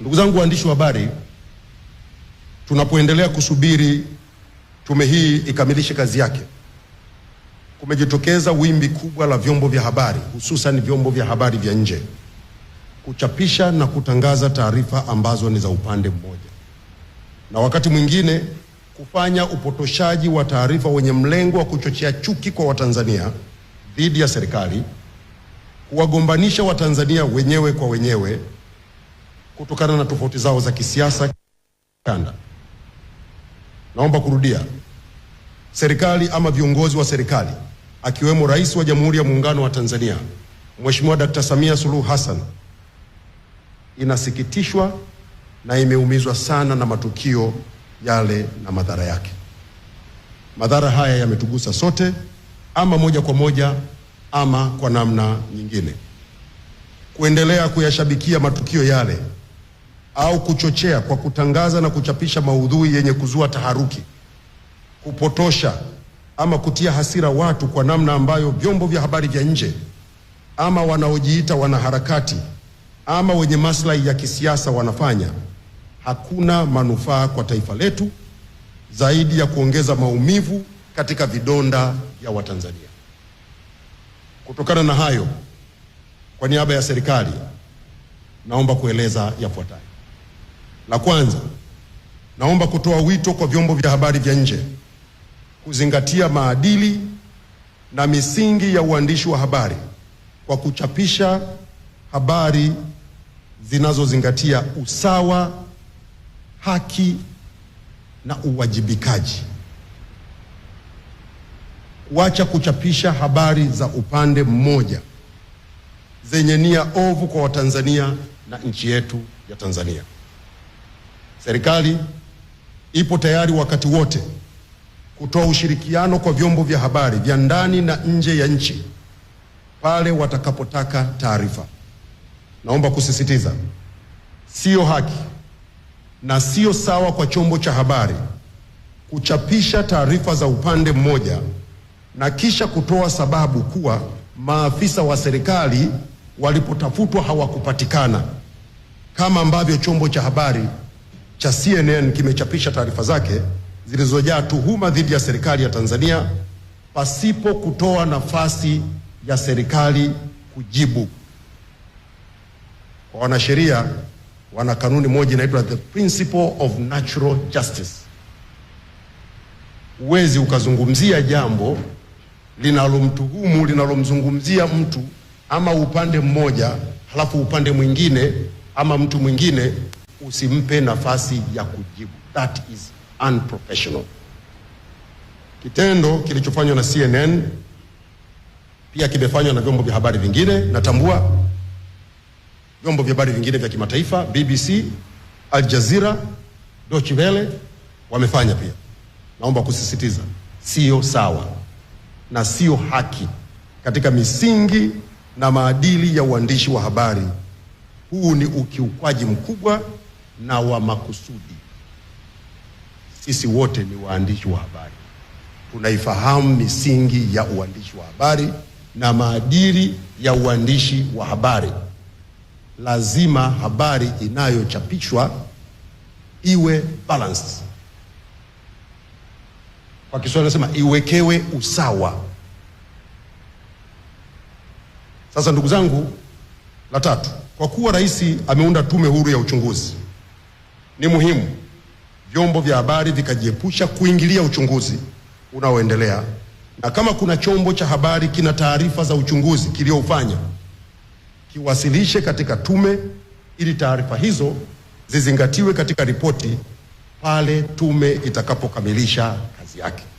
Ndugu zangu waandishi wa habari, tunapoendelea kusubiri tume hii ikamilishe kazi yake, kumejitokeza wimbi kubwa la vyombo vya habari, hususan vyombo vya habari vya nje kuchapisha na kutangaza taarifa ambazo ni za upande mmoja, na wakati mwingine kufanya upotoshaji wa taarifa wenye mlengo wa kuchochea chuki kwa Watanzania dhidi ya serikali, kuwagombanisha Watanzania wenyewe kwa wenyewe kutokana na tofauti zao za kisiasa kanda. Naomba kurudia, serikali ama viongozi wa serikali akiwemo Rais wa Jamhuri ya Muungano wa Tanzania Mheshimiwa Dkt. Samia Suluhu Hassan inasikitishwa na imeumizwa sana na matukio yale na madhara yake. Madhara haya yametugusa sote, ama moja kwa moja ama kwa namna nyingine. Kuendelea kuyashabikia matukio yale au kuchochea kwa kutangaza na kuchapisha maudhui yenye kuzua taharuki, kupotosha ama kutia hasira watu kwa namna ambayo vyombo vya habari vya nje ama wanaojiita wanaharakati ama wenye maslahi ya kisiasa wanafanya, hakuna manufaa kwa taifa letu zaidi ya kuongeza maumivu katika vidonda vya Watanzania. Kutokana na hayo, kwa niaba ya serikali naomba kueleza yafuatayo. La kwanza, naomba kutoa wito kwa vyombo vya habari vya nje kuzingatia maadili na misingi ya uandishi wa habari kwa kuchapisha habari zinazozingatia usawa, haki na uwajibikaji, kuacha kuchapisha habari za upande mmoja zenye nia ovu kwa Watanzania na nchi yetu ya Tanzania. Serikali ipo tayari wakati wote kutoa ushirikiano kwa vyombo vya habari vya ndani na nje ya nchi pale watakapotaka taarifa. Naomba kusisitiza, siyo haki na sio sawa kwa chombo cha habari kuchapisha taarifa za upande mmoja na kisha kutoa sababu kuwa maafisa wa serikali walipotafutwa hawakupatikana, kama ambavyo chombo cha habari cha CNN kimechapisha taarifa zake zilizojaa tuhuma dhidi ya serikali ya Tanzania pasipo kutoa nafasi ya serikali kujibu. Kwa wanasheria wana kanuni moja inaitwa the principle of natural justice. Huwezi ukazungumzia jambo linalomtuhumu linalomzungumzia mtu ama upande mmoja halafu upande mwingine ama mtu mwingine usimpe nafasi ya kujibu. That is unprofessional. Kitendo kilichofanywa na CNN pia kimefanywa na vyombo vya habari vingine. Natambua vyombo vya habari vingine vya kimataifa, BBC, Al Jazeera, Deutsche Welle wamefanya pia. Naomba kusisitiza, sio sawa na sio haki katika misingi na maadili ya uandishi wa habari. Huu ni ukiukwaji mkubwa na wa makusudi. Sisi wote ni waandishi wa habari, tunaifahamu misingi ya uandishi wa habari na maadili ya uandishi wa habari. Lazima habari inayochapishwa iwe balanced, kwa Kiswahili nasema iwekewe usawa. Sasa ndugu zangu, la tatu, kwa kuwa rais ameunda tume huru ya uchunguzi ni muhimu vyombo vya habari vikajiepusha kuingilia uchunguzi unaoendelea, na kama kuna chombo cha habari kina taarifa za uchunguzi kiliyofanya kiwasilishe katika tume ili taarifa hizo zizingatiwe katika ripoti pale tume itakapokamilisha kazi yake.